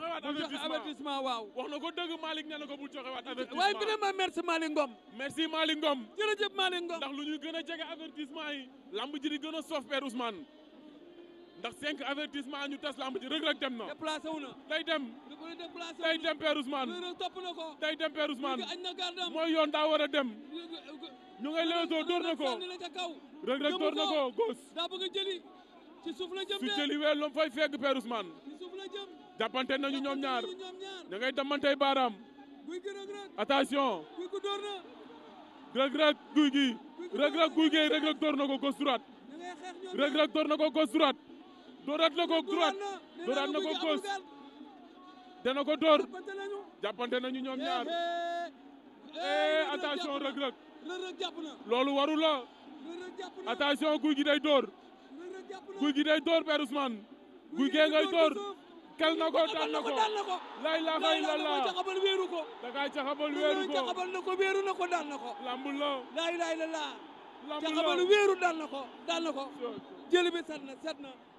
joxe waat avertissement waaw wax na ko dëgg Malick nee na ko bul joxe waat avertissement waaye bi ne ma merci Malick Ngom merci Malick Ngom jërëjëf Malick Ngom ndax lu ñuy gën a jege avertissement yi lamb ji gën a soof Père Ousmane ndax cinq avertissement ñu tas lamb ji Reug Reug dem na déplacé wu na day dem day dem ko day dem Père Ousmane mooy yoon daa war a dem ñu ngay leetoo door na ko Reug Reug door na ko góos daa bëgg a jëli ci suuf la jëm su jëli wee lom fay fegg Père Ousmane jàppante nañu ñoom ñaar ña ngay damantey baaraam attention Reug Reug Gouye Gui Reug Reug Gouye Gui Reug Reug door na ko gauche droite Reug Reug door na ko gauche droite dooraat na ko droite dooraat na ko gauche dana ko door jàppante nañu ñoom ñaar eh attention Reug Reug loolu waru la attention Gouye Gui day door Gouye Gui day door Père Ousmane Gouye Gui ngay door kel na ko daan na ko daan na ko lay la fay la la caxabal wéeru ko da kay caxabal wéeru ko caxabal na ko wéeru na ko daan na ko lambul la lay lay la la caxabal wéeru daan na ko daan na ko jël bi set na set na